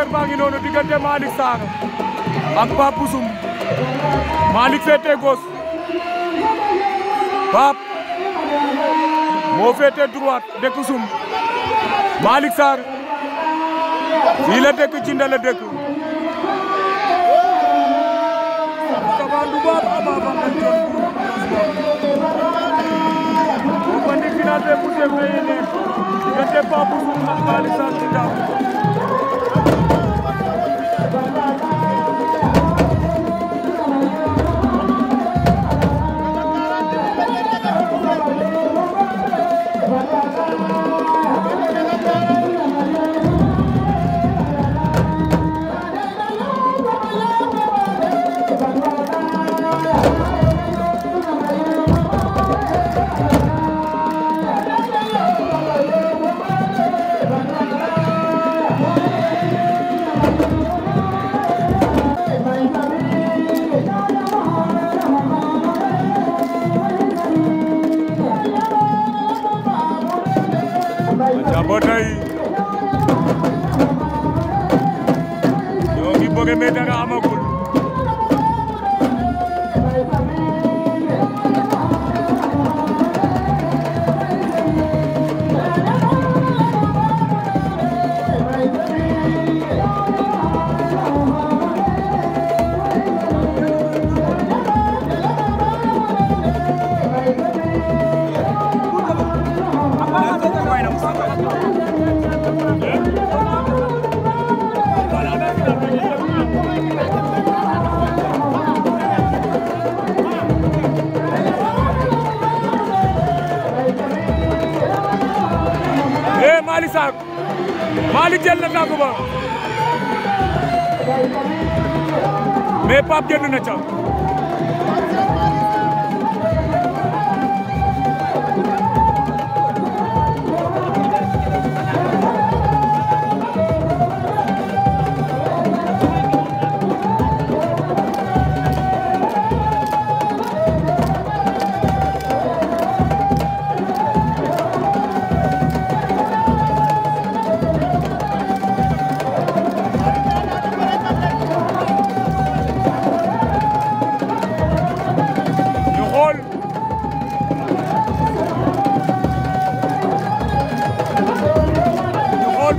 leer baa ngi noonu diggante Malick Sarr ak Pape Boussoum Malick féete gauche Pape moo féete droite dëkk Boussoum Malick Sarr fii la dëkk ci ndala dëkk kabandu baab ababa kan jon o bandi final be bu demee ne diggante Pape Boussoum ak Malick la ba tey ñoo ngi bëgg mais dara amagul है मालिक साहब मालिक जेल ना को मैं पाप जेल नचाऊ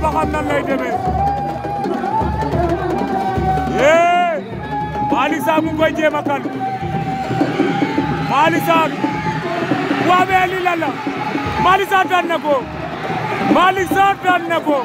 xool ba xam nan lay demee yee Malick Sarr mu ngi koy jéem a kan Malick Sarr waa mais lii lan la Malick Sarr daan na ko Malick Sarr daan na ko